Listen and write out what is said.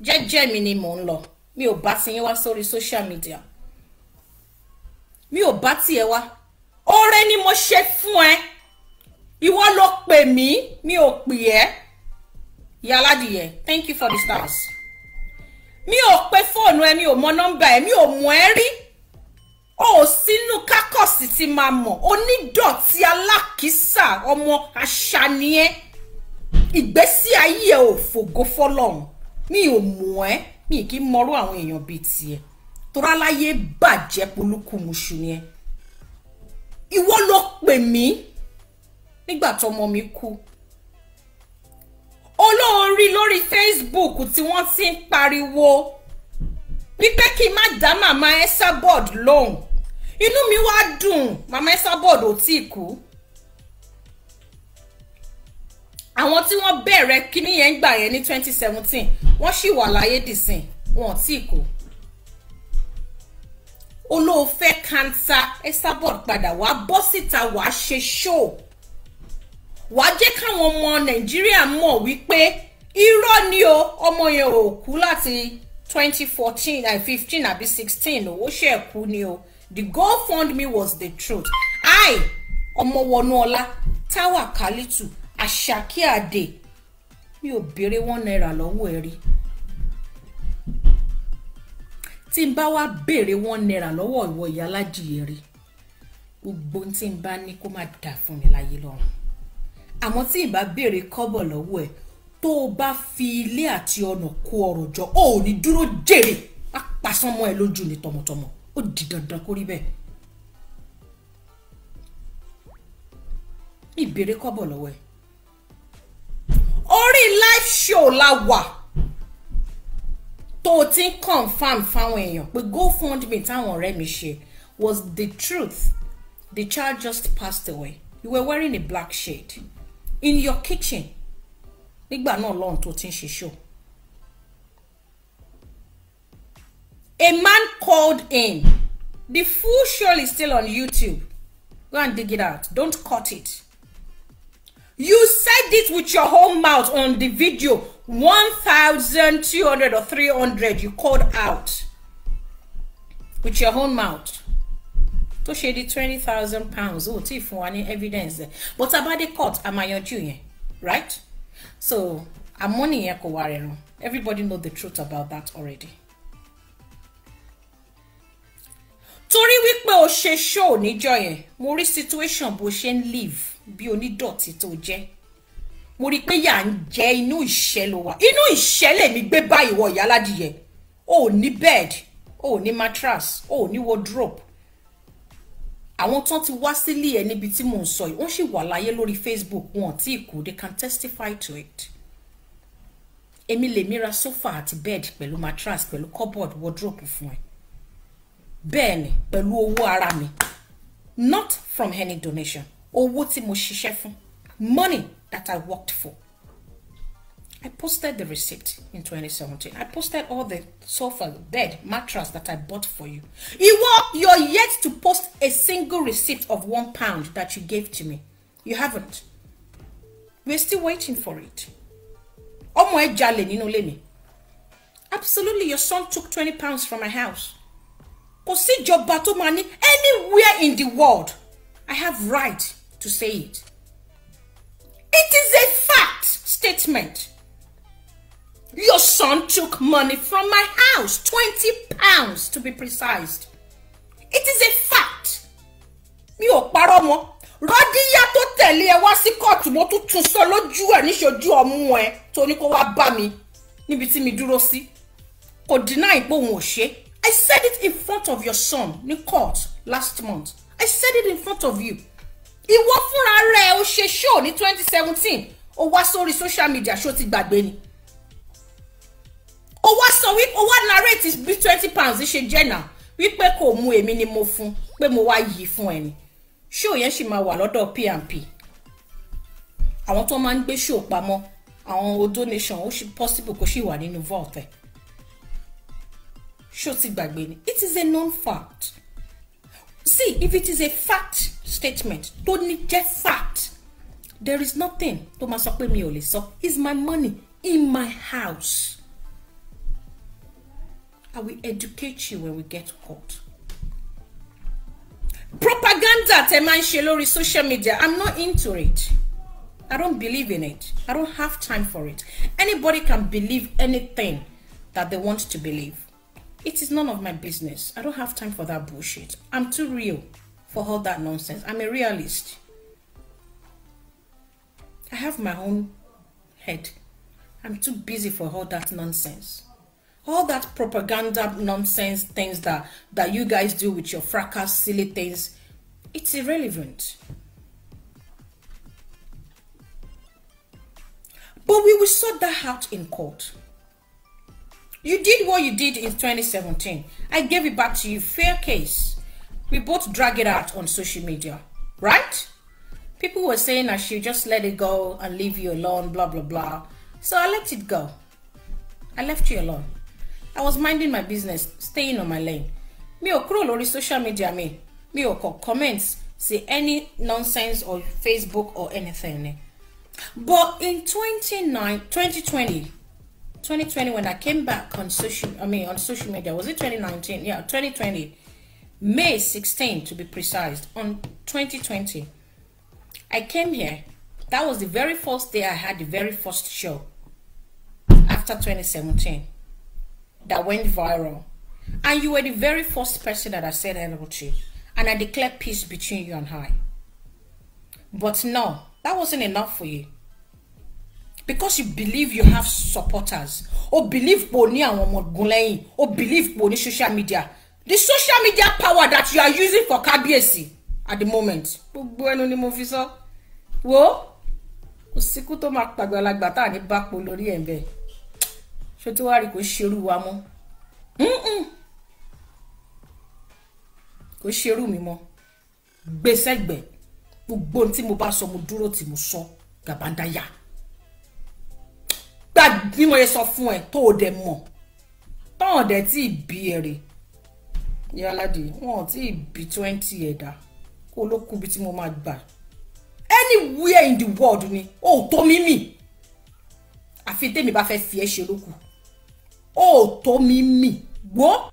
jẹ́jẹ́ mi ni mò ń lọ mi ò bá tiyín wá sórí social media mi ò bá tiẹ̀ wá oore ni mo ṣe fún ẹ ìwọ ló pè mí mi ò pè ẹ́ yàládìyẹ thank you for the stars mi ò pe fóònù ẹ mi ò mọ nọ́mbà ẹ mi ò mọ ẹ rí o ò sínú kákọ̀sì tí máa mọ̀ onídọ̀tí alákìísà ọmọ àṣà nìyẹn ìgbésí ayé ẹ ò fògo fọlọ́run mi ò mọ̀ ẹ́ mi kì í mọrú àwọn èèyàn bíi tiẹ̀ toráláyé bàjẹ́ polúkúmuṣu ni ẹ ìwọ ló pè mí nígbà tọmọ mi kú olóorí lórí Facebook tí wọ́n ti ń pariwo wípé kí n má dá màmá Esabod lóhùn inú mi wá dùn màmá Esabod ò tí ì kú. àwọn tí wọ́n bẹ̀rẹ̀ kíní yẹn gbà yẹn ní twenty seventeen wọ́n sì wà láyé dìsìn wọn ò tí ì kó olóòfẹ́ kanta esabod padà wàá bọ́ síta wàá ṣe ṣóò wàá jẹ́ káwọn ọmọ nàìjíríà mọ̀ wípé irọ́ ni o ọmọ yẹn ò kú láti twenty fourteen and eh, fifteen àbí sixteen owó ṣe é kú ni o the GoFundMe was the truth i ọmọwọnúọlá táwa kálítù àṣàkí àdè mi ò béèrè one naira lọ́wọ́ ẹ rí tí n bá wá béèrè one naira lọ́wọ́ ìwọ ìyá aládìyẹ rí gbogbo tí n bá ní kó má dà fún mi láyé lọ́run àmọ́ tí n bá béèrè kọ́bọ̀ lọ́wọ́ ẹ tó o bá fi ilé àti ọ̀nà kó ọrọ̀ jọ o ò ní dúró jèrè á pasán mọ́ ẹ lójú ní tọmọtọmọ ó di dandan kó rí bẹ́ẹ̀. ìbéèrè kọ́bọ̀ lọ́wọ́ ẹ live show la wà tó o ti ń confam fáwọn èèyàn pé GoFundMe táwọn ọ̀rẹ́ mi ṣe was the truth the child just passed away you were wearing a black shade in your kitchen nígbà náà lọ́run tó ti ń ṣe show. A man called in. The full show is still on YouTube. Go and dig it out. Don't cut it you said it with your whole mouth on the video 1200 or 300 you called out with your own mouth to ṣe di twenty thousand pounds Oh, if fún wa evidence but about the court am I yanjú yẹn right so I'm nìyẹn kò wá rẹ̀rùn everybody know the truth about that already. torí wípé o ṣe show níjọ́ yẹn mo rí situation bo ṣe live bí onídọ̀tí tó jẹ́ mo rí i pé yà ń jẹ inú ìṣẹ́ ló wà inú ìṣẹ́ lèmi gbé báyìí wọ ìyá aládìyẹ o ò ní bed o ò ní mattress o ò ní wardrobe àwọn tán ti wá sílé ẹ níbi tí mò ń sọ yìí wọ́n sì wà láyé lórí Facebook wọn tí kú they can testify to it èmi lè mira sofa àti bed pẹ̀lú mattress pẹ̀lú cupboard wardrobe fún ẹ bẹ́ẹ̀ ni pẹ̀lú owó ara mi not from any donation owó tí mo ṣiṣẹ́ fún money that I worked for. I posted the receipt in 2017. I posted all the sofa, bed, mattress that I bought for you. You Iwo, you're yet to post a single receipt of one pound that you gave to me. You haven't. We're still waiting for it. Ọmọ ẹ jalè nínú ilé mi. Absolutely, your son took 20 pounds from my house. Kò sí ìjọba tó máa ní anywhere in the world. I have right to say it. It is a fact statement. Your son took money from my house, 20 pounds to be precise. It is a fact. Mi ò parọ́ mọ́. Rọ́díyá tó tẹ̀lé ẹ wá sí kóòtù mo tún tún sọ lójú ni níṣojú ọmú ẹ to ni kó wá bá mi níbi tí mi dúró sí. Kò dínà ìgbóhùn òṣè. I said it in front of your son in court last month. I said it in front of you ìwọ fúnra rẹ o ṣe show ní 2017. seventeen o wá sórí social media ṣó ti gbàgbé ni o wá sọ wípé o wá narrate bí twenty pounds ṣe jẹ́ náà wípé kò mú èmi ni mo fún pé mo wá yìí fún ẹni show yẹn sì máa wà lọ́dọ̀ pnp àwọn tó máa ń gbé show pamọ́ àwọn o donation ó ṣe possible kó sì wà nínú vault ẹ̀ ṣó ti gbàgbé ni it is a known fact see if it is a fact statement tó ní jẹ́ fact there is nothing tó máa sọ pé mi ò lè sọ it's my money in my house I will educate you when we get caught propaganda tẹ máa ń ṣe lórí social media I'm not into it I don't believe in it I don't have time for it anybody can believe anything that they want to believe It is none of my business. I don't have time for that bullshit. I'm too real for all that nonsense. I'm a realist. I have my own head. I'm too busy for all that nonsense. All that propaganda nonsense things that, that you guys do with your fracas, silly things, it's irrelevant. But we will sort that out in court. You did what you did in 2017. I gave it back to you. Fair case. We both drag it out on social media, right? People were saying I should just let it go and leave you alone, blah, blah, blah. So I let it go. I left you alone. I was minding my business, staying on my lane. Me, ò kúrò lórí social media me. Me, ò kọ comments, say any nonsense or Facebook or anything. But in 2020, 2020 when I came back on social I mean on social media was it 2019 yeah 2020 May 16 to be precise on 2020 I came here that was the very first day I had the very first show after 2017 that went viral and you were the very first person that I said hello to and I declared peace between you and I but no that wasn't enough for you because you believe you have supporters o believe pé o ní àwọn ọmọ o believe pé o social media the social media power that you are using for kábíyèsí at the moment gbogbo ẹnu ni mo fi sọ wo kò síkú tó máa pàgbàlagbà tá à ní bá po lórí ẹ̀ bẹ́ẹ̀ ṣé tí wàá rí kò ṣerú wa mọ́ kò ṣerú mi mọ́ gbèsè gbẹ̀ gbogbo ohun tí mo bá sọ mo dúró tí mo sọ gàbáńdáyà. So, gbà bí mo yẹ sọ fún ẹ tó o dẹ mọ̀ tọ́hàn dẹ tí ì bí ẹ̀rẹ̀ yálàdì wọn ò ì bí twenty ẹ̀dá kó ló kú bí tí mo máa gbà anywhere in the world ni o ò tó mí mì àfi tèmi bá fẹ́ fi ẹ́ ṣe lókù o ò tó mí mì gbọ́